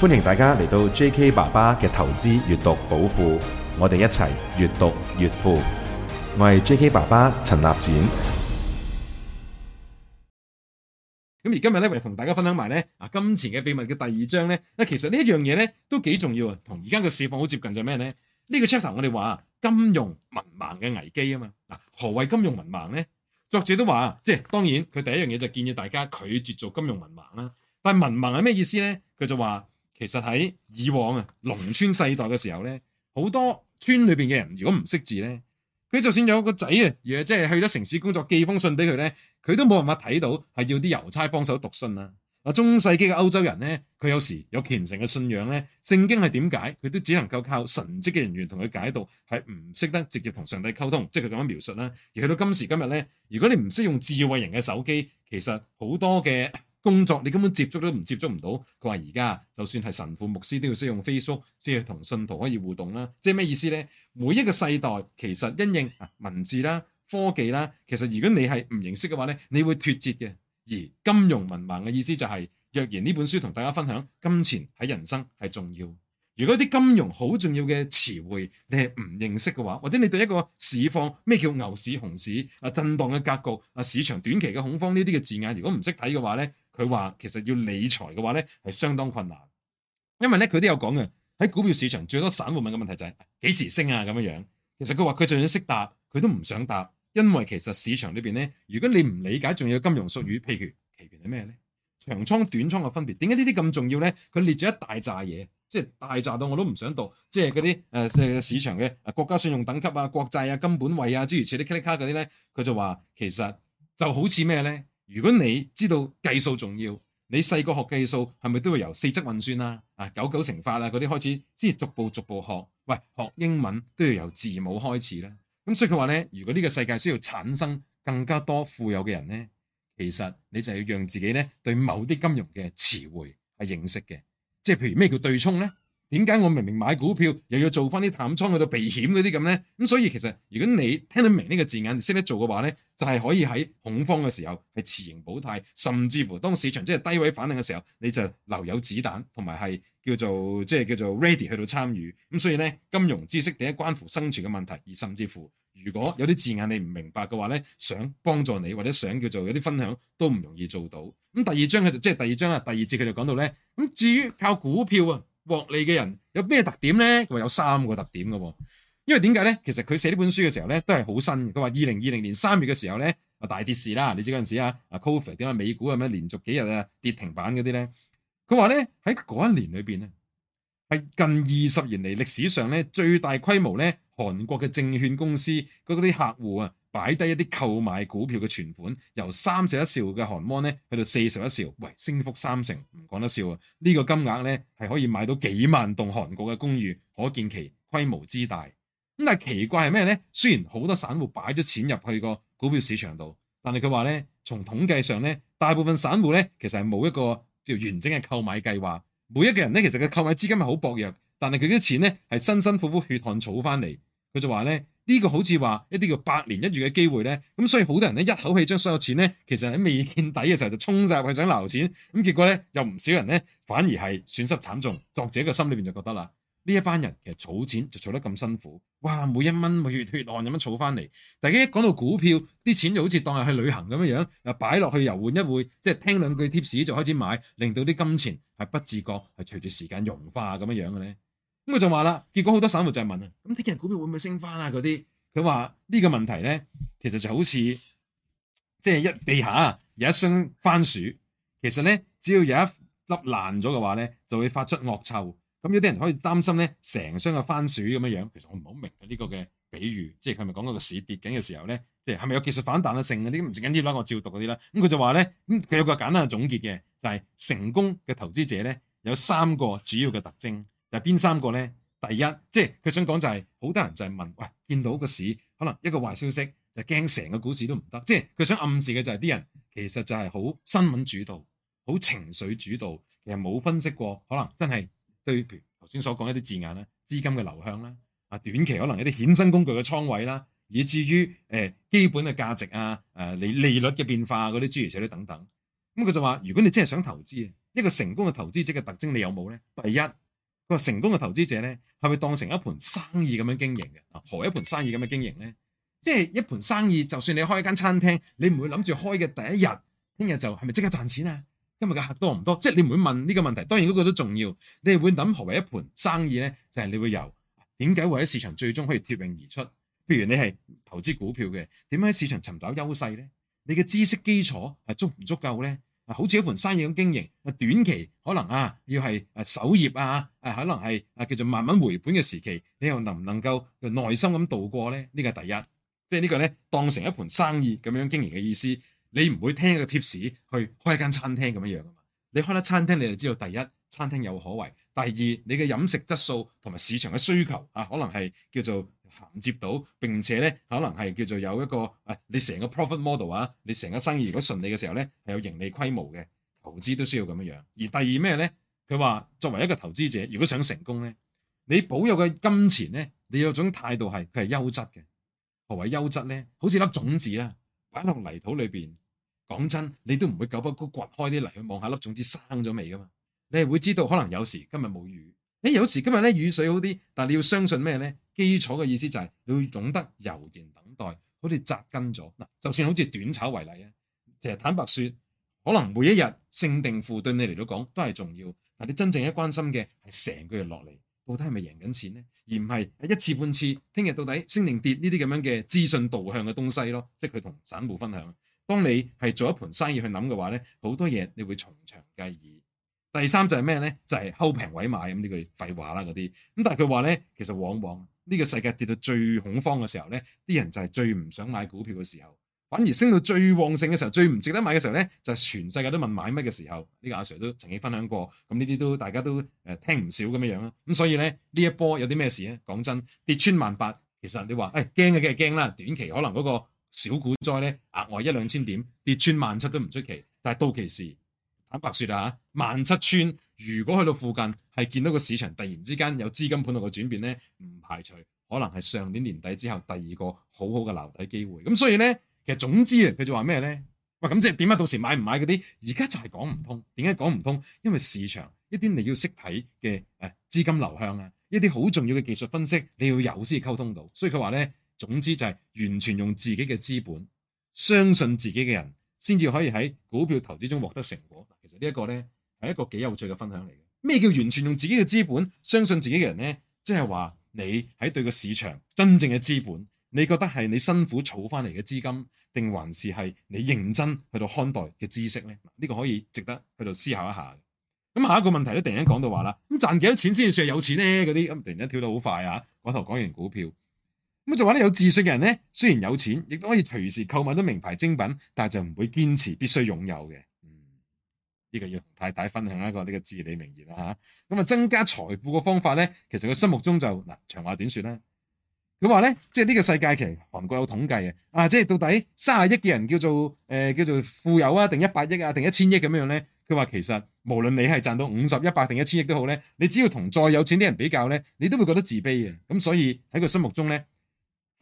歡迎大家嚟到 J.K. 爸爸嘅投資閱讀寶庫，我哋一齊閱讀越富。我係 J.K. 爸爸陳立展。咁而今日咧，為同大家分享埋咧啊金錢嘅秘密，嘅第二章咧，啊其實呢一樣嘢咧都幾重要啊，同而家嘅市況好接近就係咩咧？呢個 chapter 我哋話金融文盲嘅危機啊嘛。嗱，何謂金融文盲咧？作者都話即係當然佢第一樣嘢就建議大家拒絕做金融文盲啦。但係文盲係咩意思咧？佢就話。其實喺以往啊，農村世代嘅時候咧，好多村裏邊嘅人如果唔識字咧，佢就算有個仔啊，亦即係去咗城市工作，寄封信俾佢咧，佢都冇辦法睇到，係要啲郵差幫手讀信啊！啊，中世紀嘅歐洲人咧，佢有時有虔誠嘅信仰咧，聖經係點解佢都只能夠靠神職嘅人員同佢解讀，係唔識得直接同上帝溝通，即係佢咁樣描述啦。而去到今時今日咧，如果你唔識用智慧型嘅手機，其實好多嘅。工作你根本接觸都唔接觸唔到。佢話而家就算係神父牧師，都要識用 Facebook，先至同信徒可以互動啦。即係咩意思呢？每一個世代其實因應文字啦、科技啦，其實如果你係唔認識嘅話呢，你會脱節嘅。而金融文盲嘅意思就係、是、若然呢本書同大家分享，金錢喺人生係重要。如果啲金融好重要嘅詞彙你係唔認識嘅話，或者你對一個市況，咩叫牛市熊市啊、震盪嘅格局啊、市場短期嘅恐慌呢啲嘅字眼，如果唔識睇嘅話呢。佢話其實要理財嘅話咧係相當困難，因為咧佢都有講嘅喺股票市場最多散戶問嘅問題就係、是、幾時升啊咁樣樣。其實佢話佢就算識答，佢都唔想答，因為其實市場裏邊咧，如果你唔理解仲要金融術語，譬如期權係咩咧，長倉短倉嘅分別，點解呢啲咁重要咧？佢列住一大揸嘢，即係大揸到我都唔想讀，即係嗰啲誒誒市場嘅國家信用等級啊、國債啊、金本位啊，諸如此類 credit card 嗰啲咧，佢就話其實就好似咩咧？如果你知道計數重要，你細個學計數係咪都會由四則運算啦、啊、啊九九乘法啊嗰啲開始，先逐步逐步學。喂，學英文都要由字母開始啦、啊。咁所以佢話咧，如果呢個世界需要產生更加多富有嘅人咧，其實你就要讓自己咧對某啲金融嘅詞彙係認識嘅，即係譬如咩叫對沖咧？點解我明明買股票，又要做翻啲淡倉去到避險嗰啲咁咧？咁所以其實如果你聽得明呢個字眼，識得做嘅話咧，就係、是、可以喺恐慌嘅時候係持盈保泰，甚至乎當市場即係低位反應嘅時候，你就留有子彈，同埋係叫做即係叫做 ready 去到參與。咁所以咧，金融知識第一關乎生存嘅問題，而甚至乎如果有啲字眼你唔明白嘅話咧，想幫助你或者想叫做有啲分享都唔容易做到。咁第二章佢就即、是、係第二章啦，第二節佢就講到咧。咁至於靠股票啊，獲利嘅人有咩特點咧？佢話有三個特點嘅，因為點解咧？其實佢寫呢本書嘅時候咧，都係好新嘅。佢話二零二零年三月嘅時候咧，啊大跌市啦，你知嗰陣時啊，啊 Covid 點解，美股係咪連續幾日啊跌停板嗰啲咧，佢話咧，喺嗰一年裏邊咧，係近二十年嚟歷史上咧最大規模咧韓國嘅證券公司嗰啲客戶啊。擺低一啲購買股票嘅存款，由三十一兆嘅韓芒咧去到四十一兆，喂，升幅三成，唔講得笑啊！呢個金額咧係可以買到幾萬棟韓國嘅公寓，可見其規模之大。咁但係奇怪係咩咧？雖然好多散戶擺咗錢入去個股票市場度，但係佢話咧，從統計上咧，大部分散戶咧其實係冇一個叫完整嘅購買計劃。每一個人咧其實佢嘅購買資金係好薄弱，但係佢啲錢咧係辛辛苦苦血汗儲翻嚟，佢就話咧。呢個好似話一啲叫百年一遇嘅機會咧，咁所以好多人咧一口氣將所有錢咧，其實喺未見底嘅時候就衝晒入去想留錢，咁結果咧有唔少人咧反而係損失慘重。作者嘅心裏邊就覺得啦，呢一班人其實儲錢就儲得咁辛苦，哇！每一蚊每月血汗咁樣儲翻嚟，大家一講到股票，啲錢就好似當係去旅行咁樣樣，又擺落去遊玩一會，即係聽兩句貼士就開始買，令到啲金錢係不自覺係隨住時間融化咁樣樣嘅咧。咁佢就話啦，結果好多散戶就係問啊，咁啲人股票會唔會升翻啊？嗰啲佢話呢個問題咧，其實就好似即係一地下有一箱番薯，其實咧只要有一粒爛咗嘅話咧，就會發出惡臭。咁有啲人可以擔心咧，成箱嘅番薯咁樣樣。其實我唔好明呢個嘅比喻，即係佢咪講嗰個市跌緊嘅時候咧，即係係咪有技術反彈嘅性嗰啲？唔緊要啦，我照讀嗰啲啦。咁佢就話咧，咁佢有個簡單嘅總結嘅，就係成功嘅投資者咧，有三個主要嘅特徵。就邊三個咧？第一，即係佢想講就係、是、好多人就係問，喂，見到個市可能一個壞消息就驚成個股市都唔得。即係佢想暗示嘅就係、是、啲人其實就係好新聞主導，好情緒主導，其實冇分析過，可能真係對譬如頭先所講一啲字眼咧，資金嘅流向啦，啊，短期可能一啲衍生工具嘅倉位啦，以至於誒、呃、基本嘅價值啊，誒、呃、利利率嘅變化嗰啲諸如此類等等。咁、嗯、佢就話，如果你真係想投資，一個成功嘅投資者嘅特徵你有冇咧？第一，個成功嘅投資者咧，係會當成一盤生意咁樣經營嘅啊。何為一盤生意咁樣經營咧？即係一盤生意，就算你開一間餐廳，你唔會諗住開嘅第一日聽日就係咪即刻賺錢啊？今日嘅客多唔多？即係你唔會問呢個問題。當然呢個都重要，你係會諗何為一盤生意咧？就係、是、你會由點解會喺市場最終可以脫穎而出？譬如你係投資股票嘅，點樣喺市場尋找優勢咧？你嘅知識基礎係足唔足夠咧？好似一盤生意咁經營，啊短期可能啊要係誒首業啊，誒、啊、可能係誒叫做慢慢回本嘅時期，你又能唔能夠耐心咁度過咧？呢個係第一，即係呢個咧，當成一盤生意咁樣經營嘅意思，你唔會聽一個貼士去開一間餐廳咁樣樣啊嘛？你開得餐廳你就知道，第一餐廳有可為，第二你嘅飲食質素同埋市場嘅需求啊，可能係叫做。銜接到，並且咧可能係叫做有一個，誒、哎、你成個 profit model 啊，你成個生意如果順利嘅時候咧係有盈利規模嘅，投資都需要咁樣樣。而第二咩咧？佢話作為一個投資者，如果想成功咧，你保有嘅金錢咧，你有種態度係佢係優質嘅。何謂優質咧？好似粒種子啦、啊，擺落泥土裏邊。講真，你都唔會久不久掘開啲泥去望下粒種子生咗未噶嘛？你係會知道可能有時今日冇雨。誒，有時今日咧雨水好啲，但係你要相信咩咧？基礎嘅意思就係、是、你要懂得悠然等待，好似扎根咗嗱、啊。就算好似短炒為例啊，其實坦白說，可能每一日勝定負對你嚟到講都係重要，但你真正一關心嘅係成個月落嚟到底係咪贏緊錢咧，而唔係一次半次。聽日到底升定跌呢啲咁樣嘅資訊導向嘅東西咯，即係佢同散戶分享。當你係做一盤生意去諗嘅話咧，好多嘢你會從長計議。第三就係咩呢？就係後平位買咁呢句廢話啦，嗰啲咁。但係佢話呢，其實往往呢個世界跌到最恐慌嘅時候呢，啲人就係最唔想買股票嘅時候，反而升到最旺盛嘅時候，最唔值得買嘅時候呢，就係、全世界都問買乜嘅時候。呢、這個阿 Sir 都曾經分享過，咁呢啲都大家都誒聽唔少咁樣樣啦。咁所以呢，呢一波有啲咩事呢？講真，跌穿萬八，其實你話誒驚嘅梗係驚啦，短期可能嗰個小股災呢，額外一兩千點跌穿萬七都唔出奇。但係到其時，坦白説啦嚇，萬七村如果去到附近，係見到個市場突然之間有資金盤落嘅轉變咧，唔排除可能係上年年底之後第二個好好嘅留底機會。咁所以咧，其實總之啊，佢就話咩咧？喂，咁即係點解到時買唔買嗰啲？而家就係講唔通，點解講唔通？因為市場一啲你要識睇嘅誒資金流向啊，一啲好重要嘅技術分析你要有先溝通到。所以佢話咧，總之就係完全用自己嘅資本，相信自己嘅人。先至可以喺股票投資中獲得成果。其實呢一個呢，係一個幾有趣嘅分享嚟嘅。咩叫完全用自己嘅資本相信自己嘅人呢？即係話你喺對個市場真正嘅資本，你覺得係你辛苦儲翻嚟嘅資金，定還是係你認真去到看待嘅知識呢？呢個可以值得去到思考一下。咁下一個問題咧，突然間講到話啦，咁賺幾多錢先算係有錢呢？嗰啲咁突然間跳得好快啊！講頭講完股票。咁就話咧，有自信嘅人咧，雖然有錢，亦都可以隨時購買到名牌精品，但係就唔會堅持必須擁有嘅。嗯，呢、這個要同太太分享一個呢、這個至理名言啦嚇。咁啊，增加財富個方法咧，其實佢心目中就嗱，長話短説啦。咁話咧，即係呢個世界其實韓國有統計啊，啊，即係到底三十啊億嘅人叫做誒、呃、叫做富有啊，定一百億啊，定一千億咁樣樣咧？佢話其實無論你係賺到五十、一百定一千億都好咧，你只要同再有錢啲人比較咧，你都會覺得自卑嘅。咁所以喺佢心目中咧。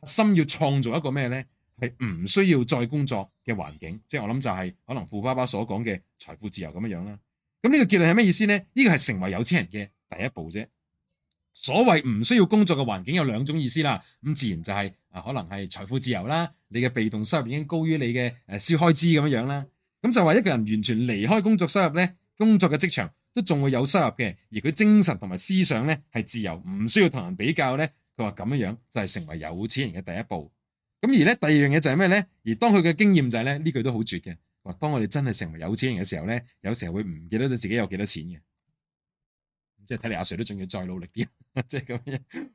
心要創造一個咩呢？係唔需要再工作嘅環境，即係我諗就係可能富爸爸所講嘅財富自由咁樣樣啦。咁呢個結論係咩意思呢？呢個係成為有錢人嘅第一步啫。所謂唔需要工作嘅環境有兩種意思啦。咁自然就係、是、啊，可能係財富自由啦，你嘅被動收入已經高於你嘅誒消開支咁樣樣啦。咁就話一個人完全離開工作收入呢，工作嘅職場都仲會有收入嘅，而佢精神同埋思想呢，係自由，唔需要同人比較呢。佢話咁樣樣就係成為有錢人嘅第一步，咁而咧第二樣嘢就係咩咧？而當佢嘅經驗就係咧，呢句都好絕嘅。話當我哋真係成為有錢人嘅時候咧，有時候會唔記得咗自己有幾多錢嘅，即係睇嚟阿 Sir 都仲要再努力啲，即係咁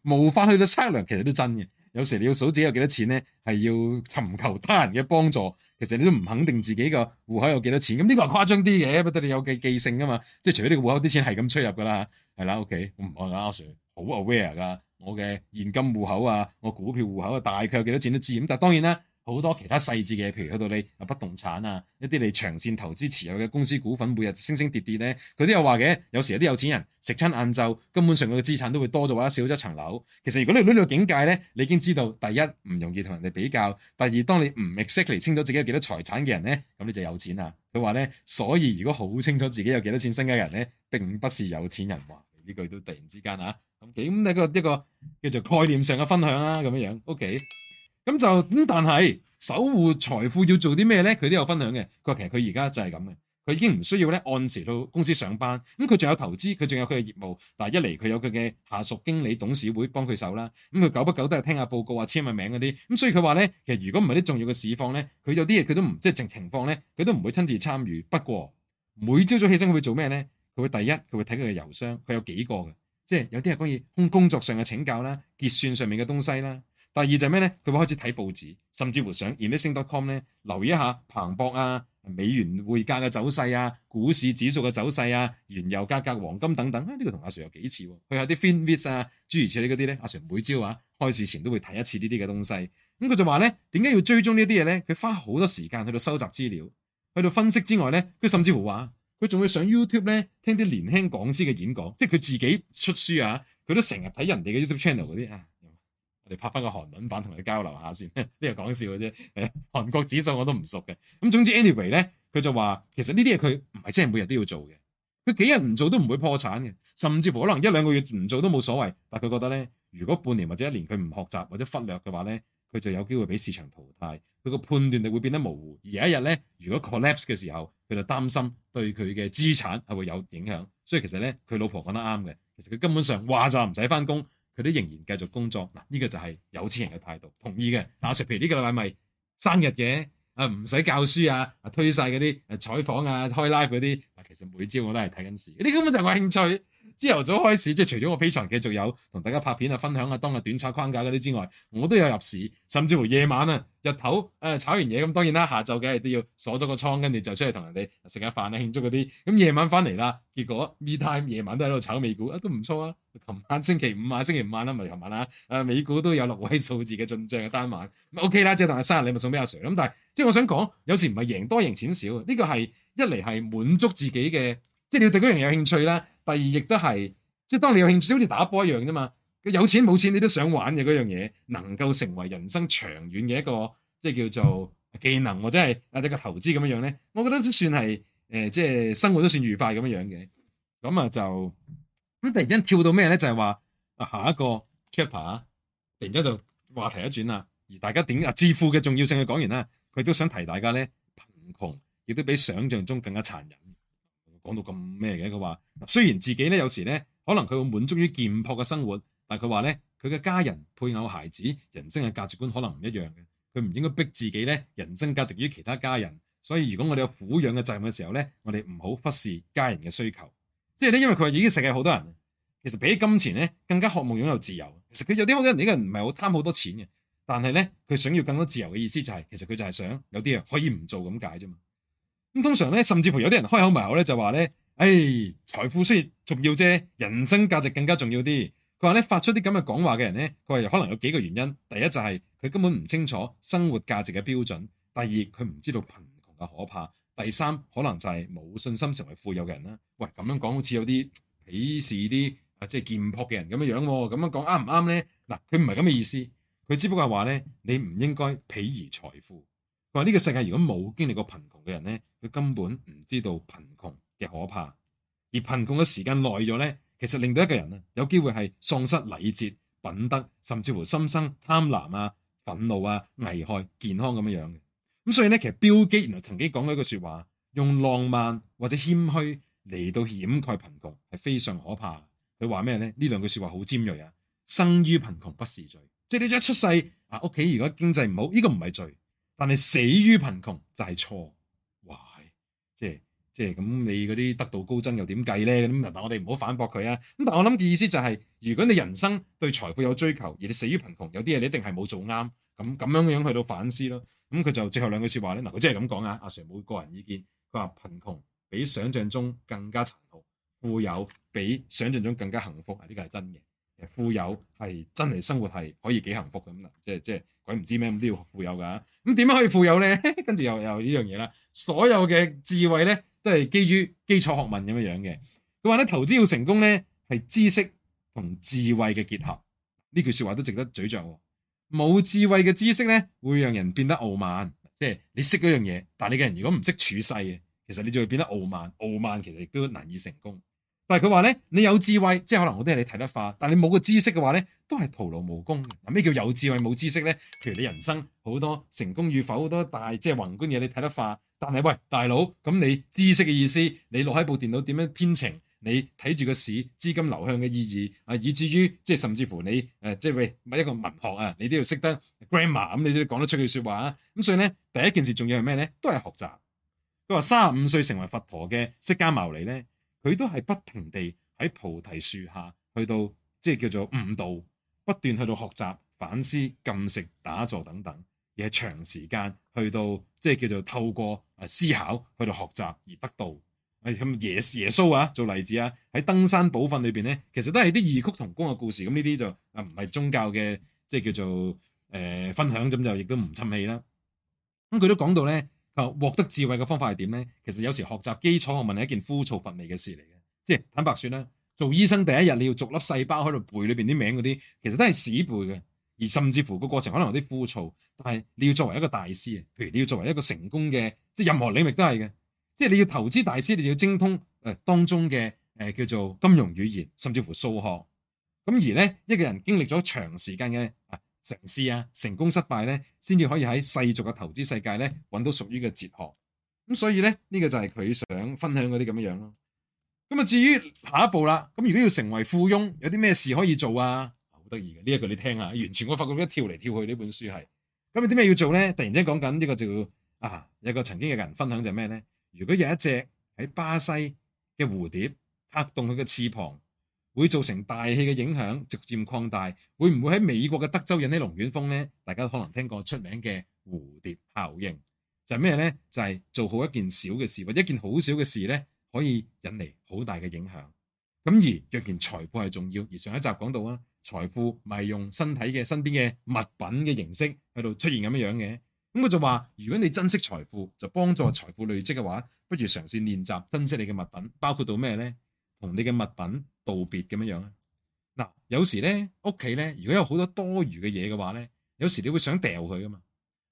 樣無法去到測量，其實都真嘅。有時你要數自己有幾多錢咧，係要尋求他人嘅幫助，其實你都唔肯定自己個戶口有幾多錢。咁呢個係誇張啲嘅，不得你有記記性噶嘛？即係除咗你戶口啲錢係咁出入噶啦，係啦，OK，我唔話啦，阿 Sir 好 aware 噶。我嘅現金戶口啊，我股票戶口啊，大概有幾多錢都知。但係當然啦，好多其他細節嘅，譬如去到你啊不動產啊，一啲你長線投資持有嘅公司股份，每日升升跌跌呢，佢都有話嘅。有時有啲有錢人食親晏晝，根本上佢嘅資產都會多咗或者少咗一層樓。其實如果你攞到這個境界呢，你已經知道第一唔容易同人哋比較，第二當你唔 exactly 清楚自己有幾多財產嘅人呢，咁你就有錢啦。佢話呢，所以如果好清楚自己有幾多錢身家嘅人呢，並不是有錢人話呢句都突然之間啊～咁呢咁個一個叫做概念上嘅分享啦、啊，咁樣樣，OK，咁就咁，但係守護財富要做啲咩咧？佢都有分享嘅。佢話其實佢而家就係咁嘅，佢已經唔需要咧按時到公司上班。咁佢仲有投資，佢仲有佢嘅業務。但係一嚟佢有佢嘅下屬經理、董事會幫佢手啦。咁佢久不久都係聽下報告啊，簽下名嗰啲。咁所以佢話咧，其實如果唔係啲重要嘅市況咧，佢有啲嘢佢都唔即係淨情況咧，佢都唔會親自參與。不過每朝早起身佢會做咩咧？佢會第一佢會睇佢嘅郵箱，佢有幾個嘅。即係有啲係關於工作上嘅請教啦，結算上面嘅東西啦。第二就係咩咧？佢會開始睇報紙，甚至乎上 Investing.com 咧，留意一下彭博啊、美元匯價嘅走勢啊、股市指數嘅走勢啊、原油價格、黃金等等。啊，呢個同阿 Sir 有幾似啊？佢有啲 FinViz 啊，諸如此類嗰啲咧，阿 Sir 每朝啊開市前都會睇一次呢啲嘅東西。咁佢就話咧，點解要追蹤呢啲嘢咧？佢花好多時間去到收集資料，去到分析之外咧，佢甚至乎話。佢仲會上 YouTube 咧，聽啲年輕講師嘅演講，即係佢自己出書啊，佢都成日睇人哋嘅 YouTube channel 嗰啲啊。我哋拍翻個韓文版同佢交流下先，呢個講笑嘅啫。誒，韓國指數我都唔熟嘅。咁總之，anyway 咧，佢就話其實呢啲嘢佢唔係真係每日都要做嘅，佢幾日唔做都唔會破產嘅，甚至乎可能一兩個月唔做都冇所謂。但係佢覺得咧，如果半年或者一年佢唔學習或者忽略嘅話咧，佢就有機會俾市場淘汰，佢個判斷力會變得模糊。而有一日咧，如果 collapse 嘅時候，佢就擔心對佢嘅資產係會有影響。所以其實咧，佢老婆講得啱嘅。其實佢根本上話就唔使翻工，佢都仍然繼續工作。嗱，呢個就係有錢人嘅態度。同意嘅。嗱、啊，譬如呢個禮拜咪生日嘅啊，唔使教書啊，推晒嗰啲誒採訪啊，開 live 嗰啲、啊。其實每朝我都係睇緊事，呢啲根本就係我興趣。朝頭早開始，即係除咗我 Patreon 繼續有同大家拍片啊、分享啊、當日短炒框架嗰啲之外，我都有入市，甚至乎夜晚啊、日頭誒炒完嘢咁，當然啦，下晝梗係都要鎖咗個倉，跟住就出去同人哋食下飯啊、慶祝嗰啲。咁夜晚翻嚟啦，結果 me time 夜晚都喺度炒美股，啊都唔錯啊！琴晚星期五啊，星期五晚啦，咪琴晚啦，誒美股都有六位數字嘅進賬嘅單晚，ok 啦，即係同阿生日禮物送俾阿 Sir 咁，但係即係我想講，有時唔係贏多贏錢少，呢個係一嚟係滿足自己嘅，即係你對嗰樣有興趣啦。第二亦都係，即係當你有興趣，好似打波一樣啫嘛。佢有錢冇錢，你都想玩嘅嗰樣嘢，能夠成為人生長遠嘅一個，即係叫做技能或者係啊，你嘅投資咁樣樣咧，我覺得都算係誒，即係生活都算愉快咁樣樣嘅。咁啊就咁突然間跳到咩咧？就係話啊下一個 chapter，突然間就話題一轉啦。而大家點啊，致富嘅重要性去講完啦，佢都想提大家咧，貧窮亦都比想象中更加殘忍。講到咁咩嘅？佢話雖然自己咧有時咧，可能佢會滿足於簡樸嘅生活，但係佢話咧，佢嘅家人、配偶、孩子，人生嘅價值觀可能唔一樣嘅。佢唔應該逼自己咧，人生價值於其他家人。所以如果我哋有撫養嘅責任嘅時候咧，我哋唔好忽視家人嘅需求。即係咧，因為佢已經世界好多人，其實比起金錢咧更加渴望擁有自由。其實佢有啲好多人呢個人唔係好貪好多錢嘅，但係咧佢想要更多自由嘅意思就係，其實佢就係想有啲人可以唔做咁解啫嘛。咁通常咧，甚至乎有啲人開口埋口咧，就話咧，誒、哎，財富雖然重要啫，人生價值更加重要啲。佢話咧，發出啲咁嘅講話嘅人咧，佢係可能有幾個原因。第一就係佢根本唔清楚生活價值嘅標準；第二佢唔知道貧窮嘅可怕；第三可能就係冇信心成為富有嘅人啦。喂，咁樣講好似有啲鄙視啲即係賤迫嘅人咁樣樣，咁樣講啱唔啱咧？嗱，佢唔係咁嘅意思，佢只不過係話咧，你唔應該鄙夷財富。話呢個世界如果冇經歷過貧窮嘅人咧，佢根本唔知道貧窮嘅可怕。而貧窮嘅時間耐咗咧，其實令到一個人啊有機會係喪失禮節、品德，甚至乎心生貪婪啊、憤怒啊、危害健康咁樣樣嘅。咁所以咧，其實標基原來曾經講過一個說話，用浪漫或者謙虛嚟到掩蓋貧窮係非常可怕。佢話咩咧？呢兩句說話好尖銳啊！生於貧窮不是罪，即係你一出世啊，屋企如果經濟唔好，呢個唔係罪。但係死於貧窮就係錯哇，即係即係咁你嗰啲得道高僧又點計咧？咁嗱，我哋唔好反駁佢啊。咁但係我諗嘅意思就係，如果你人生對財富有追求，而你死於貧窮，有啲嘢你一定係冇做啱，咁咁樣樣去到反思咯。咁佢就最後兩句説話咧，嗱佢真係咁講啊，阿 Sir 冇個人意見，佢話貧窮比想象中更加殘酷，富有比想象中更加幸福，係呢個係真嘅。富有係真係生活係可以幾幸福咁啦，即係即係鬼唔知咩咁都要富有噶、啊，咁點樣可以富有咧？跟 住又又呢樣嘢啦，所有嘅智慧咧都係基於基礎學問咁樣樣嘅。佢話咧投資要成功咧係知識同智慧嘅結合，呢句説話都值得咀嚼。冇智慧嘅知識咧會讓人變得傲慢，即係你識嗰樣嘢，但你個人如果唔識處世嘅，其實你就會變得傲慢，傲慢其實亦都難以成功。但佢話咧，你有智慧，即係可能我都係你睇得化。但係你冇個知識嘅話咧，都係徒勞無功。嗱，咩叫有智慧冇知識咧？譬如你人生好多成功與否，好多大即係宏觀嘢，你睇得化。但係喂，大佬咁你知識嘅意思，你落喺部電腦點樣編程？你睇住個市資金流向嘅意義啊，以至於即係甚至乎你誒、呃、即係喂，乜一個文學啊，你都要識得 grammar 咁，你都要講得出句説話啊。咁所以咧，第一件事仲要係咩咧？都係學習。佢話三十五歲成為佛陀嘅釋迦牟尼咧。佢都係不停地喺菩提樹下去到，即係叫做悟道，不斷去到學習、反思、禁食、打坐等等，而係長時間去到，即係叫做透過啊思考去到學習而得道。咁耶耶穌啊做例子啊，喺登山寶訓裏邊咧，其實都係啲異曲同工嘅故事。咁呢啲就啊唔係宗教嘅，即係叫做誒、呃、分享，咁就亦都唔侵氣啦。咁佢都講到咧。就獲、啊、得智慧嘅方法係點呢？其實有時學習基礎學問係一件枯燥乏味嘅事嚟嘅，即係坦白說啦，做醫生第一日你要逐粒細胞喺度背裏邊啲名嗰啲，其實都係死背嘅，而甚至乎個過程可能有啲枯燥。但係你要作為一個大師啊，譬如你要作為一個成功嘅，即係任何領域都係嘅，即係你要投資大師，你就要精通誒、呃、當中嘅誒、呃、叫做金融語言，甚至乎數學。咁而呢，一個人經歷咗長時間嘅。啊嘗試啊，成功失敗咧，先至可以喺世俗嘅投資世界咧，搵到屬於嘅哲學。咁所以咧，呢個就係佢想分享嗰啲咁樣樣咯。咁啊，至於下一步啦，咁如果要成為富翁，有啲咩事可以做啊？好得意嘅，呢一句你聽下，完全我發覺一跳嚟跳去呢本書係。咁你點解要做咧？突然之間講緊呢個就啊，有一個曾經嘅人分享就係咩咧？如果有一隻喺巴西嘅蝴蝶拍動佢嘅翅膀。會造成大氣嘅影響，逐漸擴大，會唔會喺美國嘅德州引起龍捲風呢？大家都可能聽過出名嘅蝴蝶效應，就係咩呢？就係做好一件小嘅事，或者一件好小嘅事呢，可以引嚟好大嘅影響。咁而若然財富係重要，而上一集講到啊，財富咪用身體嘅身邊嘅物品嘅形式喺度出現咁樣樣嘅，咁佢就話，如果你珍惜財富，就幫助財富累積嘅話，不如嘗試練習珍惜你嘅物品，包括到咩呢？同你嘅物品。道別咁樣樣啊！嗱，有時咧屋企咧，如果有好多多餘嘅嘢嘅話咧，有時你會想掉佢噶嘛？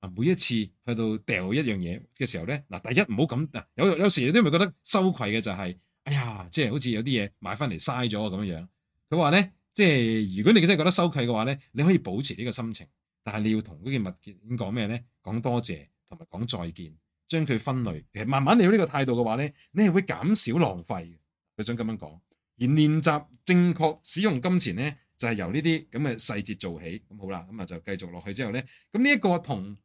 嗱，每一次去到掉一樣嘢嘅時候咧，嗱，第一唔好咁嗱，有有時你都係咪覺得羞愧嘅就係，哎呀，即係好似有啲嘢買翻嚟嘥咗咁樣樣。佢話咧，即係如果你真係覺得羞愧嘅話咧，你可以保持呢個心情，但係你要同嗰件物件講咩咧？講多謝同埋講再見，將佢分類。其實慢慢你有呢個態度嘅話咧，你係會減少浪費嘅。佢想咁樣講。而練習正確使用金錢咧，就係由呢啲咁嘅細節做起。咁好啦，咁啊就繼續落去之後咧，咁呢一個同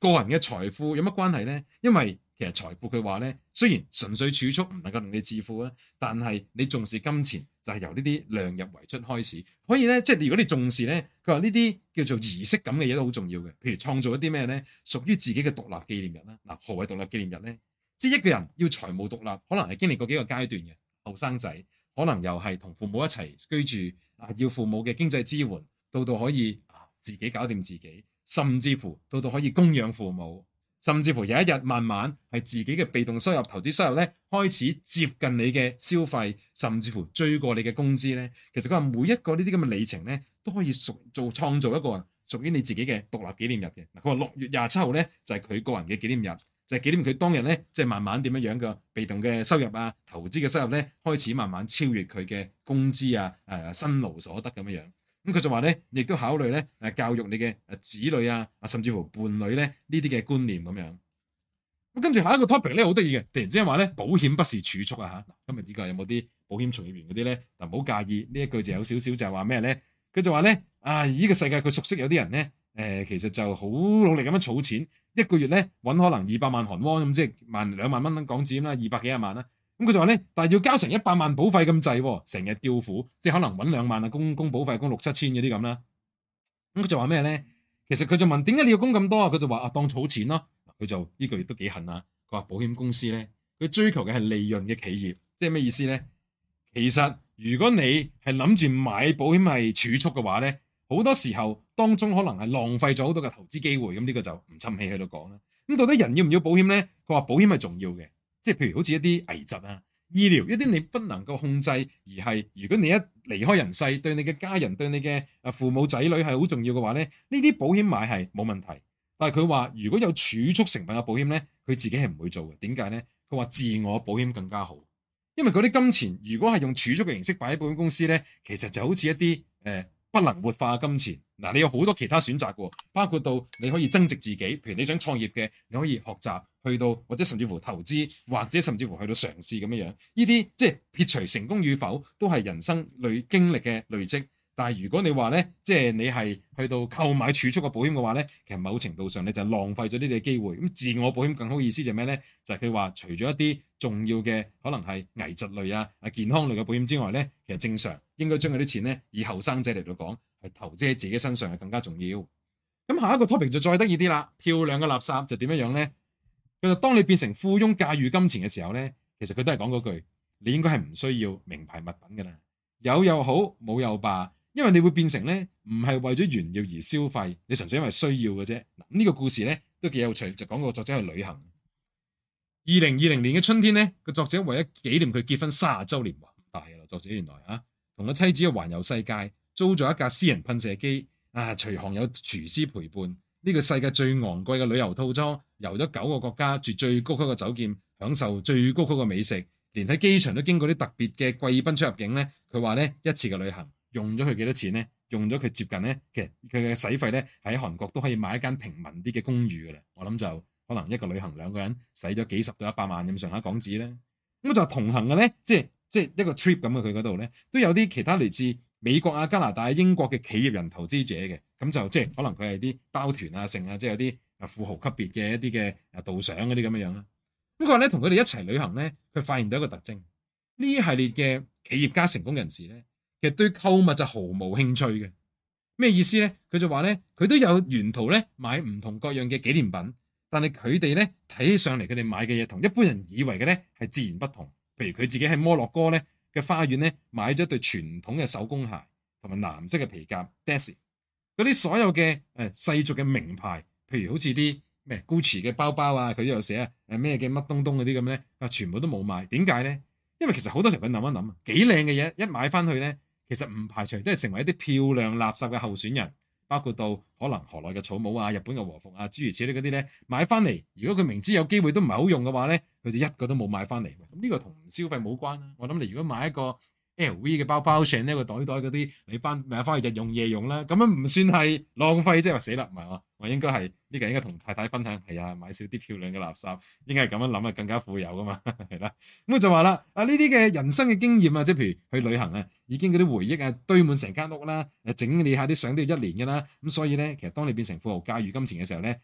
個人嘅財富有乜關係咧？因為其實財富佢話咧，雖然純粹儲蓄唔能夠令你致富啊，但係你重視金錢就係由呢啲量入為出開始。可以咧，即係如果你重視咧，佢話呢啲叫做儀式感嘅嘢都好重要嘅。譬如創造一啲咩咧，屬於自己嘅獨立紀念日啦。嗱，何謂獨立紀念日咧？即係一個人要財務獨立，可能係經歷過幾個階段嘅後生仔。可能又係同父母一齊居住，啊要父母嘅經濟支援，到到可以自己搞掂自己，甚至乎到到可以供養父母，甚至乎有一日慢慢係自己嘅被動收入、投資收入咧，開始接近你嘅消費，甚至乎追過你嘅工資咧。其實佢話每一個呢啲咁嘅里程咧，都可以屬做創造一個屬於你自己嘅獨立紀念日嘅。佢話六月廿七號咧就係、是、佢個人嘅紀念日。就係紀念佢當日咧，即、就、係、是、慢慢點樣樣嘅被動嘅收入啊，投資嘅收入咧，開始慢慢超越佢嘅工資啊，誒、呃、辛勞所得咁樣。咁、嗯、佢就話咧，亦都考慮咧誒教育你嘅子女啊，甚至乎伴侶咧呢啲嘅觀念咁樣。咁跟住下一個 topic 咧，好得意嘅，突然之間話咧保險不是儲蓄啊嚇。今日呢、這個有冇啲保險從業員嗰啲咧？嗱唔好介意呢一句就有少少就係話咩咧？佢就話咧啊，呢、這個世界佢熟悉有啲人咧，誒、呃、其實就好努力咁樣儲錢。一個月咧揾可能二百萬韓圜，咁即係萬兩萬蚊港紙啦，二百幾廿萬啦。咁佢就話咧，但係要交成一百萬保費咁滯，成日吊苦，即係可能揾兩萬啊，供供保費供六七千嗰啲咁啦。咁佢就話咩咧？其實佢就問點解你要供咁多啊？佢就話啊，當儲錢咯。佢就呢、這個月都幾恨啊。佢話保險公司咧，佢追求嘅係利潤嘅企業，即係咩意思咧？其實如果你係諗住買保險係儲蓄嘅話咧，好多時候。當中可能係浪費咗好多嘅投資機會，咁呢個就唔趁氣喺度講啦。咁到底人要唔要保險呢？佢話保險係重要嘅，即係譬如好似一啲危疾啊、醫療一啲你不能夠控制，而係如果你一離開人世，對你嘅家人、對你嘅父母仔女係好重要嘅話咧，呢啲保險買係冇問題。但係佢話如果有儲蓄成分嘅保險呢，佢自己係唔會做嘅。點解呢？佢話自我保險更加好，因為嗰啲金錢如果係用儲蓄嘅形式擺喺保險公司呢，其實就好似一啲誒。呃不能活化金錢嗱、啊，你有好多其他選擇嘅，包括到你可以增值自己，譬如你想創業嘅，你可以學習去到，或者甚至乎投資，或者甚至乎去到嘗試咁樣樣。呢啲即係撇除成功與否，都係人生累經歷嘅累積。但係如果你話呢，即係你係去到購買儲蓄嘅保險嘅話呢，其實某程度上你就係浪費咗呢啲機會。咁自我保險更好意思就係咩呢？就係佢話除咗一啲重要嘅可能係危疾類啊、健康類嘅保險之外呢，其實正常。應該將佢啲錢咧，以後生仔嚟到講，係投資喺自己身上係更加重要。咁下一個 topic 就再得意啲啦，漂亮嘅垃圾就點樣樣咧？其實當你變成富翁駕馭金錢嘅時候咧，其實佢都係講嗰句，你應該係唔需要名牌物品噶啦，有又好冇又罷，因為你會變成咧唔係為咗炫耀而消費，你純粹因為需要嘅啫。咁呢個故事咧都幾有趣，就講個作者去旅行。二零二零年嘅春天咧，個作者為咗紀念佢結婚卅周年大嘅啦，作者原來啊。同個妻子去環遊世界，租咗一架私人噴射機，啊！隨行有廚師陪伴，呢個世界最昂貴嘅旅遊套裝，遊咗九個國家，住最高級嘅酒店，享受最高級嘅美食，連喺機場都經過啲特別嘅貴賓出入境咧。佢話咧，一次嘅旅行用咗佢幾多錢咧？用咗佢接近咧，其實佢嘅使費咧，喺韓國都可以買一間平民啲嘅公寓噶啦。我諗就可能一個旅行兩個人使咗幾十到一百萬咁上下港紙咧。咁就同行嘅咧，即係。即係一個 trip 咁嘅，佢嗰度咧都有啲其他嚟自美國啊、加拿大、英國嘅企業人投資者嘅，咁就即係可能佢係啲包團啊、成啊，即係有啲啊富豪級別嘅一啲嘅啊導賞嗰啲咁嘅樣啦。咁佢話咧，同佢哋一齊旅行咧，佢發現到一個特徵，呢一系列嘅企業家成功人士咧，其實對購物就毫無興趣嘅。咩意思咧？佢就話咧，佢都有沿途咧買唔同各樣嘅紀念品，但係佢哋咧睇起上嚟，佢哋買嘅嘢同一般人以為嘅咧係自然不同。譬如佢自己喺摩洛哥咧嘅花園咧買咗對傳統嘅手工鞋同埋藍色嘅皮夾 Desi 嗰啲，所有嘅誒世俗嘅名牌，譬如好似啲咩 Gucci 嘅包包啊，佢都有寫誒咩嘅乜東東嗰啲咁咧，啊全部都冇買，點解咧？因為其實好多時候佢諗一諗啊，幾靚嘅嘢一買翻去咧，其實唔排除都係成為一啲漂亮垃圾嘅候選人。包括到可能河內嘅草帽啊、日本嘅和服啊、諸如此類嗰啲咧，買翻嚟，如果佢明知有機會都唔係好用嘅話呢，佢就一個都冇買翻嚟。咁呢個同消費冇關啦，啊。我諗你如果買一個，LV 嘅包包上呢 a 個袋袋嗰啲，你翻買翻去日用夜用啦，咁樣唔算係浪費，即係話死啦，唔係嗬？我應該係呢個應該同太太分享，係啊，買少啲漂亮嘅垃圾，應該係咁樣諗啊，更加富有噶嘛係啦。咁我就話啦，啊呢啲嘅人生嘅經驗啊，即係譬如去旅行啊，已經嗰啲回憶啊堆滿成間屋啦，誒整理下啲相都要一年噶啦，咁所以咧，其實當你變成富豪駕馭金錢嘅時候咧，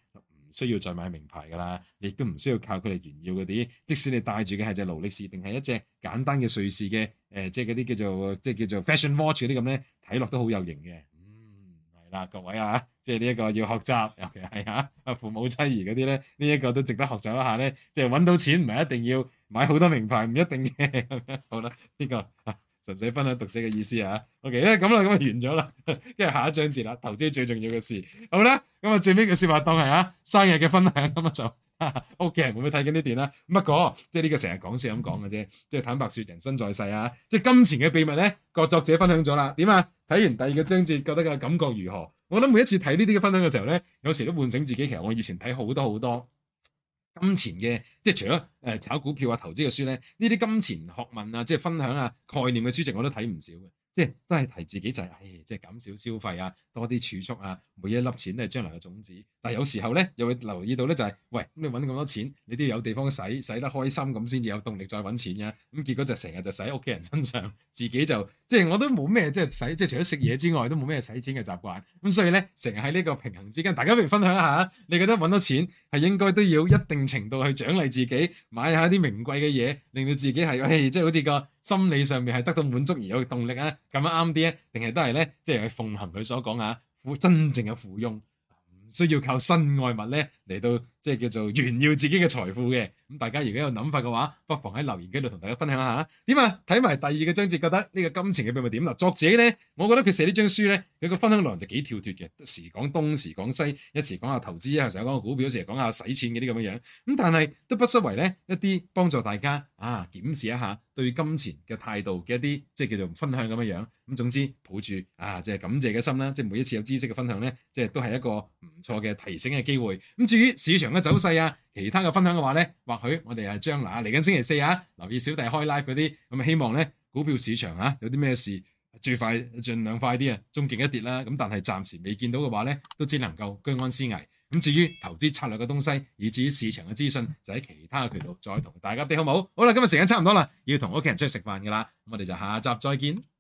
需要再買名牌㗎喇，亦都唔需要靠佢哋炫耀嗰啲。即使你戴住嘅係隻勞力士，定係一隻簡單嘅瑞士嘅，誒、呃，即係嗰啲叫做即係叫做 fashion watch 嗰啲咁咧，睇落都好有型嘅。嗯，係啦，各位啊，即係呢一個要學習，尤其係啊父母妻兒嗰啲咧，呢、這、一個都值得學習一下咧。即係揾到錢唔係一定要買好多名牌，唔一定嘅。 好啦，呢、這個。啊純粹分享讀者嘅意思啊。OK，咁啦，咁就完咗啦。因 為下一章節啦，投資最重要嘅事好啦。咁啊，最尾嘅說話當係啊生日嘅分享咁啊，屋企人會唔會睇緊呢段啊？乜個即係呢個成日講笑咁講嘅啫，即係坦白說，人生在世啊，即係金錢嘅秘密咧，個作者分享咗啦。點啊？睇完第二個章節，覺得嘅感覺如何？我諗每一次睇呢啲嘅分享嘅時候咧，有時都喚醒自己。其實我以前睇好多好多。金錢嘅即係除咗誒炒股票啊、投資嘅書咧，呢啲金錢學問啊、即係分享啊、概念嘅書籍我都睇唔少嘅。即係都係提自己就係、是，誒、哎，即係減少消費啊，多啲儲蓄啊，每一粒錢都係將來嘅種子。但係有時候咧，又會留意到咧，就係、是，喂，咁你搵咁多錢，你都要有地方使，使得開心咁先至有動力再搵錢嘅、啊。咁結果就成日就使喺屋企人身上，自己就即係我都冇咩，即係使，即係除咗食嘢之外，都冇咩使錢嘅習慣。咁所以咧，成日喺呢個平衡之間，大家不如分享一下，你覺得搵到錢係應該都要一定程度去獎勵自己，買下啲名貴嘅嘢，令到自己係、哎，即係好似個。心理上面係得到滿足而有動力啊，咁樣啱啲咧，定係都係咧，即係奉行佢所講嘅，真正嘅富翁，唔需要靠身外物呢。嚟到即係叫做炫耀自己嘅財富嘅，咁大家如果有諗法嘅話，不妨喺留言區度同大家分享下點啊！睇埋第二個章節，覺得呢個金錢嘅秘密點啦？作者呢，我覺得佢寫呢張書呢，佢嘅分享內容就幾跳脫嘅，時講東時講西，一時講下投資啊，成日講個股票，一時講下使錢嘅啲咁樣樣，咁但係都不失為呢一啲幫助大家啊檢視一下對金錢嘅態度嘅一啲即係叫做分享咁樣樣。咁總之抱住啊即係感謝嘅心啦，即係每一次有知識嘅分享呢，即係都係一個唔錯嘅提醒嘅機會。咁至於市場嘅走勢啊，其他嘅分享嘅話咧，或許我哋係將來嚟緊星期四啊，留意小弟開 live 嗰啲。咁啊希望咧股票市場啊有啲咩事，最快盡量快啲啊，中勁一跌啦，咁但係暫時未見到嘅話咧，都只能夠居安思危。咁至於投資策略嘅東西，以至於市場嘅資訊，就喺其他嘅渠道再同大家 update 好唔好？好啦，今日時間差唔多啦，要同屋企人出去食飯噶啦，咁我哋就下集再見。